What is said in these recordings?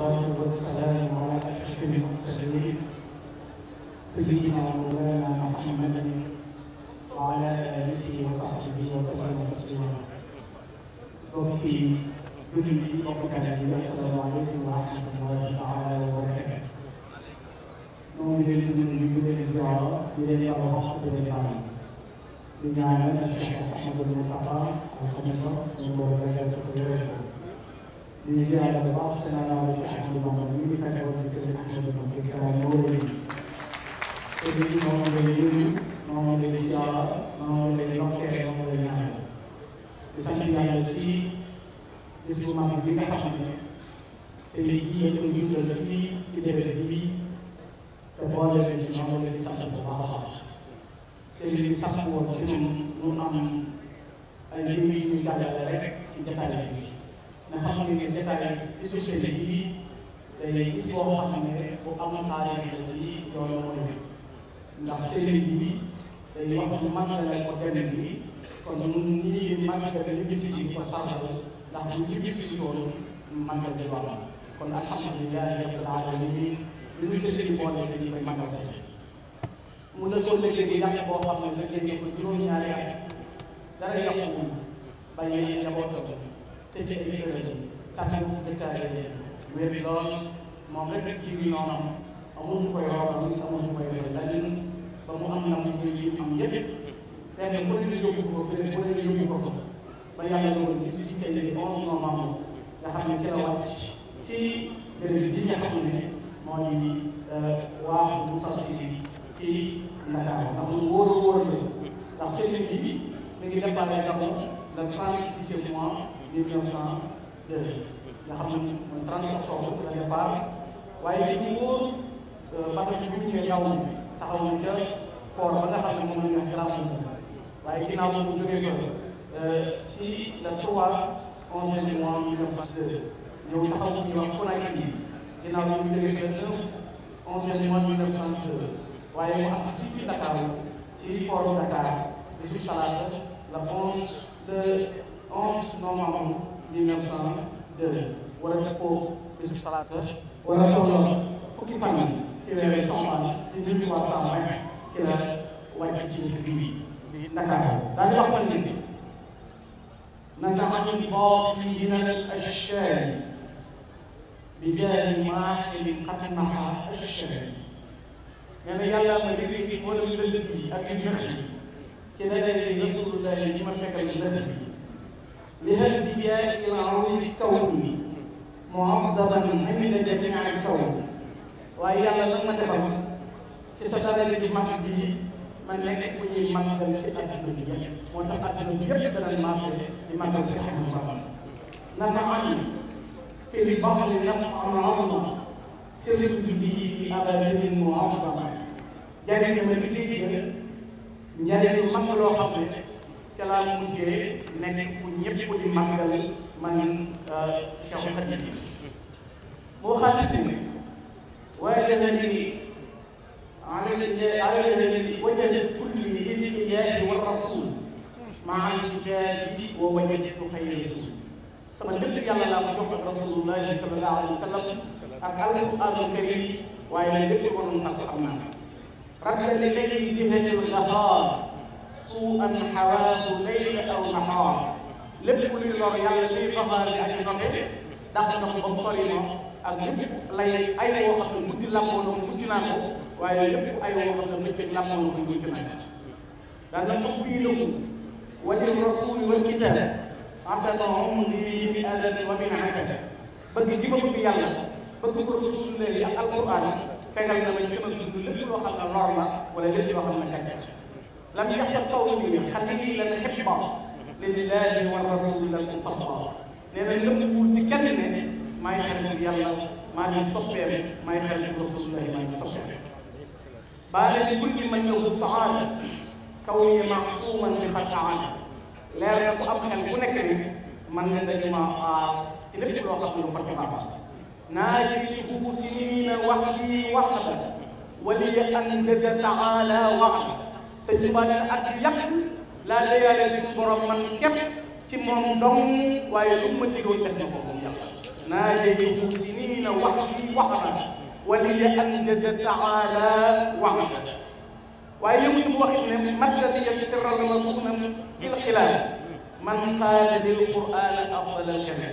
والصلاة والسلام على أشرف المرسلين سيدنا مولانا محمد وعلى آله وصحبه وسلم تسليما وبكي وجودي ربك العليم السلام عليكم ورحمة الله تعالى وبركاته نؤمن بالجنود بدل الزراعة بدل الأرواح بدل العالم بدعانا الشيخ محمد بن العطاء وقد نفرق من بلد الكبير di ziare bu baax seen alal ci Ahmadou Bamba ñu ngi fexe woon ci seen Ahmadou Bamba bi kala moo wëri sëriñ bi moom lay yëngu moom lay ziare moom lay yokkee moom lay ñaanal di sant yàlla ci bis bu mag bi nga xam ne te yii ñu yundal ci ci déwén bi te boole leen ci moom lay sant bu baax a baax sëriñ bi sax woon ci ñun lu am ay jiw yi ñuy dajale rek ci jataay bi ndax xam nga ngeen détaillé société yi day gis boo xam ne bu am taarix la ci loolu moo demee ndax sëriñ bi day wax ne màggale ko beneen bi kon ñun ñii di màggale ñu bénéficie ko sasal ndax bu ñu bénéficie woon màggal de wàllam kon alhamdulilah rabbil alamin lu ñu fa sëriñ boole fi ci màggal ci mu ne ko léeg-léegi yàq boo xam ne léeg-léegi ko juróom-ñaari at dara yàqu ba yéen njabootam te ci ay kër lañu tàmmeeku dëkkaale leen wér lool moom rek ci biir noonu amuñu koy waxal ñu amuñu koy waxal leneen ba mu am ndam ñu yi am yëpp fenn ku ne yóbbu ko fenn ku ne yóbbu ko fa ba yàlla doon bis si tey jii onze novembre nga xam ne ca la wàcc ci béréb bi nga xam ne moo di waaxu bu fas yi ci Ndakaaru ndax mu wóor a wóor la ndax semaine bi mi ngi déparé d'abord le 30 mois 1902 nga xam ne mooy 30 la départ waaye ci nguur bato bi bu ñëwee ñaw taxaw na ca port ba nga xam ne moom la ñu wax Grand Moulin waaye ginnaaw moom bu jógee fa si le 3 11 juin 1902 ñëw taxaw ñu wax Conakry ginnaaw moom bu jógee fa le 11 juin 1902 waaye mu am si ci Dakar si port Dakar di si talaata la 11 de. 11 novembre 1902 war a dëppoo bisub talaata war a tolloo fukki fan ci weeru Safar ci 1320 ci la wàcc ci dëkk bi Ndakaaru daal di wax fan nit bi نزع من باطننا الأشجار بجاه واحد قد محى الشجر يعني يلا مدري ولا الذي أبي المخي كذا الذي رسول الله لمن فكر المخي لهذا بداية العظيم الكوني معضدا عند جميع الكون waaye yàlla lan ma defal ci sa sarale di mag ji man nekk ku ñuy màggal ci àdduna bi yëpp moo tax àdduna bi yëpp danañ marché di màggal ci Cheikh Moustapha nafa am fi baxri nafa am amna sirtu bii abadin mu afdala jariñ ma ci tiit njariñ mag loo xam ne ca laa mujjee nekk ku ñëpp di màggal man euh, Cheikh Khadim boo xamante ne waaye dana ni على الذي وجد كل ذي الجاه والرسول مع الجاه ووجد خير الرسول sama lépp yàlla laa ko jox ak rasulullahi sallallahu alayhi wa sallam ak alquran karim waaye lépp ko doon sax am naa rabbana léegi di hajal lahar suu'an xawaahu layla aw nahaar lépp luy lor yàlla liy faxaar bi ak note dàq na ko ba mu ma ak lépp lay ay woo xam ne guddi làmmoon na mucc naa ko waaye lépp ay woo xam ne bëccëg làmmoon na mucc naa ko daanaka fii la wa lil rasuuli a kitaab asasa umri min adan wa min ajal bëgg gi ma bëgg yàlla bëgg ko rasul ne ak alquran fegal na ma ci sama dund lépp loo xam ne lor la wala lépp loo xam ne gàcce لم يحصل قول مني خليني لنحبه لله والرسول المصطفى لأن لم يكون كلمة ما يحبهم يلا ما يصبهم ما يحبهم رسول الله ما يصبهم بعد لكل من يوم سعادة كوني معصوما بخطا عنه لا يكون أبخل كنكري من ندم تلف الوقت من فتبعها ناجيته سنين وحدي وحده ولي أنجز تعالى وعده te ci wàllu ak yàq laa déyaale suñu borom man képp ci moom dong waaye lu ma diggoon def na ko moom yàlla naa jëlee nii na wax ci wax na wala ya anjaza taala wax waaye yëngu ci wax it ne mattali ya sirral rasulna fil xilaal man qaala lil qur'aana afdal al kalam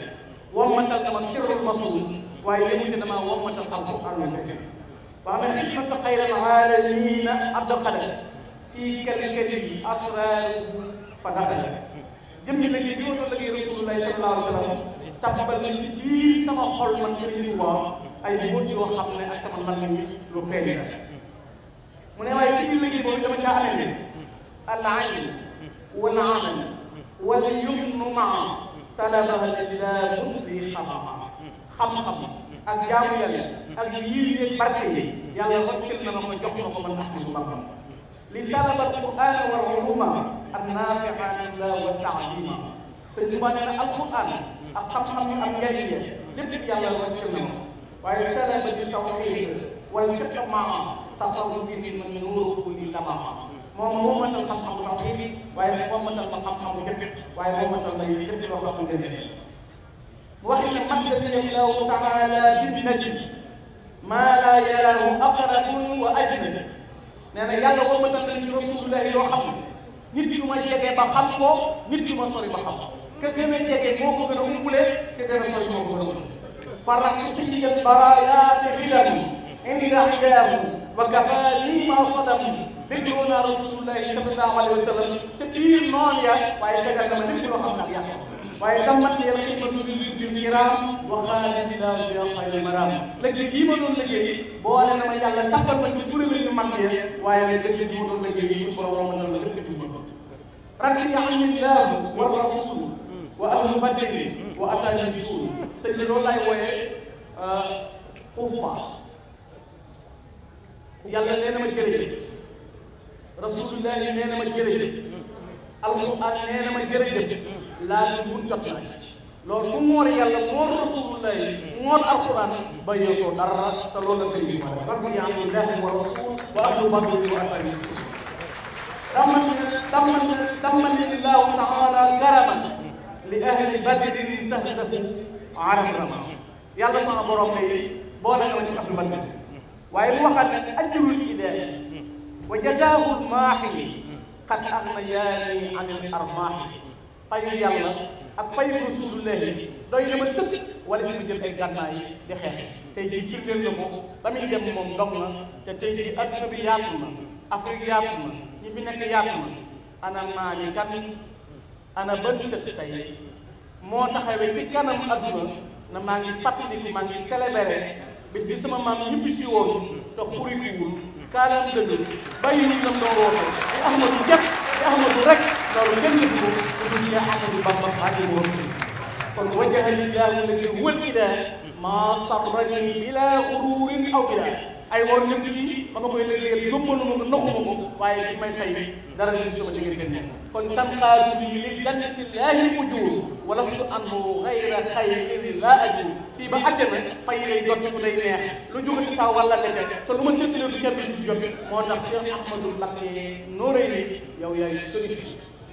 wammatal dama sirral rasul waaye yëngu ci damaa wammatal alquran wax na xikmata xayral aalamiina fii quelques léegi asraar fa daxale jëm ci liggéey bi ma doon liggéey Rasulullah sallallahu alayhi wa sallam tàmbal nañ ci biir sama xol man Sëriñ Tuubaa ay mbóot yoo xam ne ak sama man mi lu feeñ la mu ne waaye ci biir liggéey boobu dama caa amee ne al ayn wal amal wala yumnu maa sadaqaha lillah bi xamama xam-xam ak jaamu yàlla ak yii barke yi yàlla wàccal na ma ma jox ma ko man Ahmadu Bamba lisaanal alquraan wal uluma annaafiaa lillah wa taalima sëñ Tuubaa nee na alquraan ak xam-xam yi am njëriñ ya lépp yàlla wàcce na ma waaye salaba bi tawxiid wal fiqh maa tasawuf fi man nuuru li lamama moo ma wommatal xam-xamu tawxiid waaye ma wommatal ma xam-xamu fiqh waaye wommatal ma lépp loo xam ne wax ne allahu taala bi nadim maa laa yaraahu aqrabun wa ajnabiyun nee na yàlla woo ma tànn ñu rasulullah yoo xam nit ki du ma jege ba xam ko nit ki du ma sori ba xam ka gën a jege moo ko gën a umpule ka gën a sori moo ko gën a umpule faraxtu sisiyat baraayaati xidam inda xidaahu wa kafa lii ma sadam déglu naa rasulullahi sallallahu alayhi wa sallam ya waaye fekk dama lépp loo xam ak yàq niiraam waxaale dinaa bi xayri maraam léegi lii ma mag ya waaye nag lëggéey doon lëggéey yi na la lépp ñu bëgg rakiyanillaahu wa rasuul wa ahlu badri wa atani fi suul sëñ bi loolu laay wooyee xuufa uh, nee na ma jërëjëf rasulullaahi nee na ma jërëjëf alxuraan nee na ma jërëjëf laa mun jot naa loolu mu moor yàlla moor rasulullahi moor alquran bàyyeekoo dara te loolu la sëñ bi ma man bu ñu am leex wa rasul wa ahlu badri wa ahlu daman daman daman illahu taala garaman li ahli badrin sahdatu arafama yàlla sama borom kay boole na ci ahlu badr waaye mu waxaat ne ajrul ilaahi wa jazaahu maaxi qad agnayaani an al armaaxi payu yàlla ak payu rasulullahi doy na ma sëkk wala si jël ay gànnaay di xeex tey jii firndeel na ko ba muy dem moom ndog na te tey jii adduna bi yaatu na Afrique yaatu na ñi fi nekk yaatu na ana maami kan ana ban sët tey moo taxawee ci kanam adduna na maa ngi fàttaliku maa ngi célébrer bis bi sama maam ñibbi si woon te xuri kiwul kaalaam dëgg bàyyi ñu lam doon woote di ahmadu jëpp di ahmadu rek loolu kenn defu ko ku dul Cheikh Ahmadou Bamba Xaadimu Rasuul kon wajjaha lillaahu alladi huwa al-ilaah maa sarrani bilaa gururin aw bilaa ay war nekk ci ba ma koy liggéeyal yóbbalu ma ko ndoxuma ko waaye li may fay dara gis sama diggante kon tanqaadu bi li jannati llaahi ujur walastu anhu xayra xayrin laa ajur fii ba àjjana fay lay jot ku day neex lu jógati saa walla nga ca te lu ma séddale du kenn du jot moo tax Cheikh Ahmadou Mbacké Noreyni yow yaay solution